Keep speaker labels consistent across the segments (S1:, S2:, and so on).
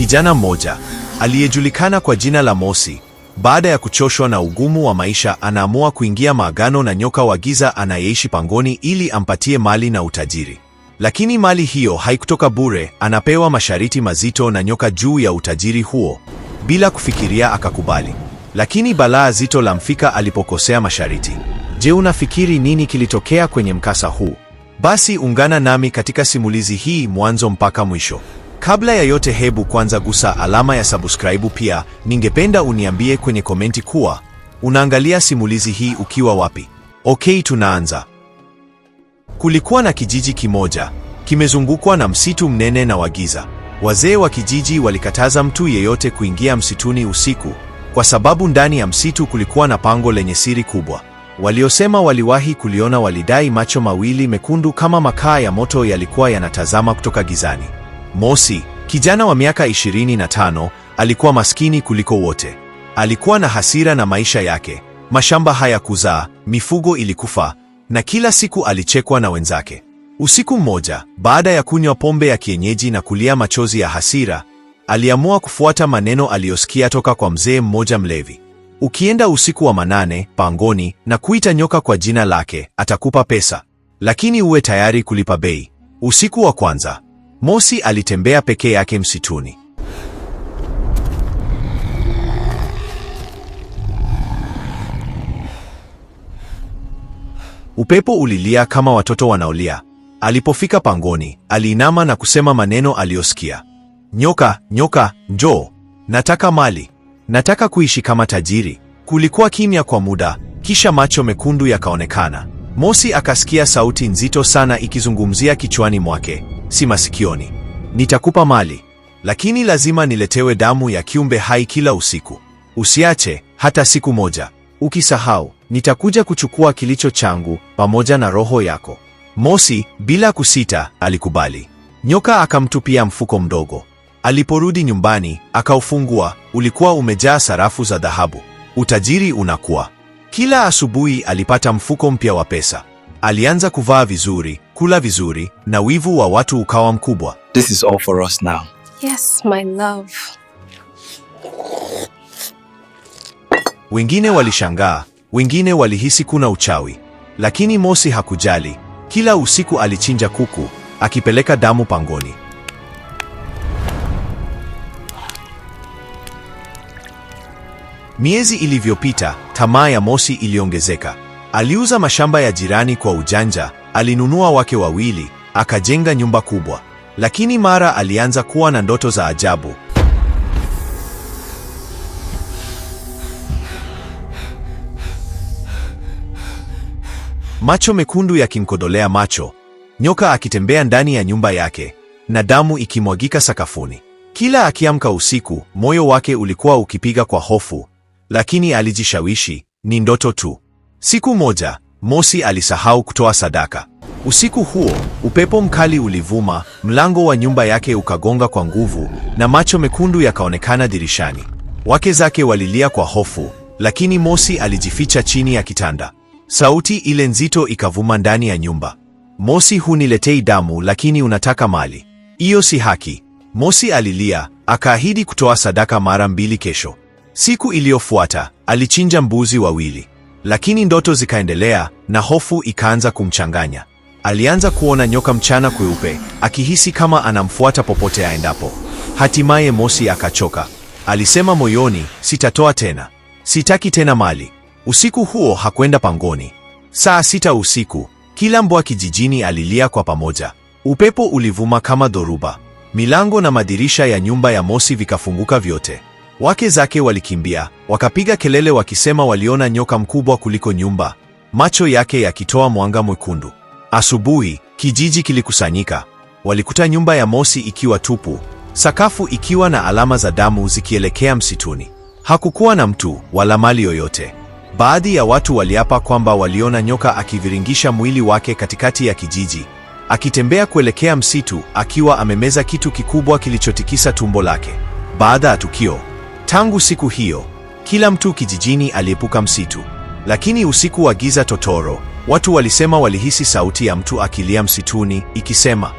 S1: Kijana mmoja aliyejulikana kwa jina la Mosi, baada ya kuchoshwa na ugumu wa maisha, anaamua kuingia maagano na nyoka wa giza anayeishi pangoni ili ampatie mali na utajiri. Lakini mali hiyo haikutoka bure, anapewa masharti mazito na nyoka juu ya utajiri huo. Bila kufikiria akakubali, lakini balaa zito lamfika alipokosea masharti. Je, unafikiri nini kilitokea kwenye mkasa huu? Basi ungana nami katika simulizi hii mwanzo mpaka mwisho. Kabla ya yote, hebu kwanza gusa alama ya subscribe. Pia ningependa uniambie kwenye komenti kuwa unaangalia simulizi hii ukiwa wapi. Okay, tunaanza. Kulikuwa na kijiji kimoja kimezungukwa na msitu mnene na wagiza. Wazee wa kijiji walikataza mtu yeyote kuingia msituni usiku, kwa sababu ndani ya msitu kulikuwa na pango lenye siri kubwa. Waliosema waliwahi kuliona walidai macho mawili mekundu kama makaa ya moto yalikuwa yanatazama kutoka gizani. Mosi, kijana wa miaka 25 alikuwa maskini kuliko wote. Alikuwa na hasira na maisha yake. Mashamba hayakuzaa, mifugo ilikufa, na kila siku alichekwa na wenzake. Usiku mmoja, baada ya kunywa pombe ya kienyeji na kulia machozi ya hasira, aliamua kufuata maneno aliyosikia toka kwa mzee mmoja mlevi. Ukienda usiku wa manane pangoni na kuita nyoka kwa jina lake, atakupa pesa, lakini uwe tayari kulipa bei. Usiku wa kwanza, Mosi alitembea peke yake msituni. Upepo ulilia kama watoto wanaolia. Alipofika pangoni, aliinama na kusema maneno aliyosikia. Nyoka, nyoka, njoo. Nataka mali. Nataka kuishi kama tajiri. Kulikuwa kimya kwa muda, kisha macho mekundu yakaonekana. Mosi akasikia sauti nzito sana ikizungumzia kichwani mwake si masikioni. Nitakupa mali, lakini lazima niletewe damu ya kiumbe hai kila usiku. Usiache hata siku moja. Ukisahau, nitakuja kuchukua kilicho changu pamoja na roho yako. Mosi bila kusita alikubali. Nyoka akamtupia mfuko mdogo. Aliporudi nyumbani, akaufungua, ulikuwa umejaa sarafu za dhahabu. Utajiri unakuwa. Kila asubuhi alipata mfuko mpya wa pesa. Alianza kuvaa vizuri, kula vizuri, na wivu wa watu ukawa mkubwa.
S2: This is all for us now.
S3: Yes, my love.
S1: Wengine walishangaa, wengine walihisi kuna uchawi, lakini Mosi hakujali. Kila usiku alichinja kuku, akipeleka damu pangoni. Miezi ilivyopita, tamaa ya Mosi iliongezeka. Aliuza mashamba ya jirani kwa ujanja, alinunua wake wawili, akajenga nyumba kubwa. Lakini mara alianza kuwa na ndoto za ajabu. Macho mekundu yakimkodolea macho, nyoka akitembea ndani ya nyumba yake na damu ikimwagika sakafuni. Kila akiamka usiku, moyo wake ulikuwa ukipiga kwa hofu, lakini alijishawishi, ni ndoto tu. Siku moja Mosi alisahau kutoa sadaka. Usiku huo upepo mkali ulivuma, mlango wa nyumba yake ukagonga kwa nguvu na macho mekundu yakaonekana dirishani. Wake zake walilia kwa hofu, lakini Mosi alijificha chini ya kitanda. Sauti ile nzito ikavuma ndani ya nyumba. Mosi, huniletei damu lakini unataka mali. Hiyo si haki. Mosi alilia, akaahidi kutoa sadaka mara mbili kesho. Siku iliyofuata alichinja mbuzi wawili. Lakini ndoto zikaendelea na hofu ikaanza kumchanganya. Alianza kuona nyoka mchana kweupe, akihisi kama anamfuata popote aendapo. Hatimaye Mosi akachoka. Alisema moyoni, sitatoa tena, sitaki tena mali. Usiku huo hakwenda pangoni. Saa sita usiku, kila mbwa kijijini alilia kwa pamoja. Upepo ulivuma kama dhoruba, milango na madirisha ya nyumba ya Mosi vikafunguka vyote. Wake zake walikimbia, wakapiga kelele wakisema waliona nyoka mkubwa kuliko nyumba, macho yake yakitoa mwanga mwekundu. Asubuhi, kijiji kilikusanyika. Walikuta nyumba ya Mosi ikiwa tupu, sakafu ikiwa na alama za damu zikielekea msituni. Hakukuwa na mtu wala mali yoyote. Baadhi ya watu waliapa kwamba waliona nyoka akiviringisha mwili wake katikati ya kijiji, akitembea kuelekea msitu akiwa amemeza kitu kikubwa kilichotikisa tumbo lake. Baada ya tukio Tangu siku hiyo, kila mtu kijijini aliepuka msitu, lakini usiku wa giza totoro, watu walisema walihisi sauti ya mtu akilia msituni ikisema,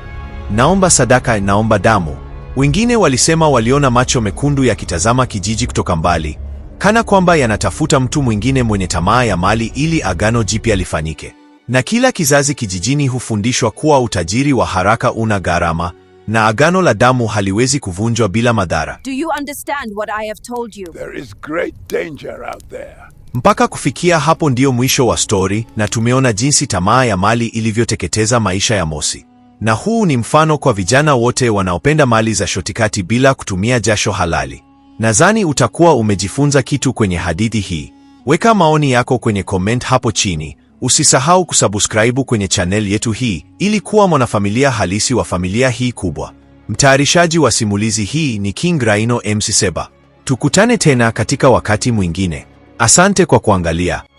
S1: naomba sadaka, naomba damu. Wengine walisema waliona macho mekundu yakitazama kijiji kutoka mbali, kana kwamba yanatafuta mtu mwingine mwenye tamaa ya mali ili agano jipya lifanyike. Na kila kizazi kijijini hufundishwa kuwa utajiri wa haraka una gharama na agano la damu haliwezi kuvunjwa bila madhara.
S4: Do you understand what I have told you?
S5: There is great danger out there.
S1: Mpaka kufikia hapo ndiyo mwisho wa stori, na tumeona jinsi tamaa ya mali ilivyoteketeza maisha ya Mosi, na huu ni mfano kwa vijana wote wanaopenda mali za shotikati bila kutumia jasho halali. Nadhani utakuwa umejifunza kitu kwenye hadithi hii. Weka maoni yako kwenye comment hapo chini. Usisahau kusubscribe kwenye channel yetu hii ili kuwa mwanafamilia halisi wa familia hii kubwa. Mtayarishaji wa simulizi hii ni King Rhino MC Seba. Tukutane tena katika wakati mwingine. Asante kwa kuangalia.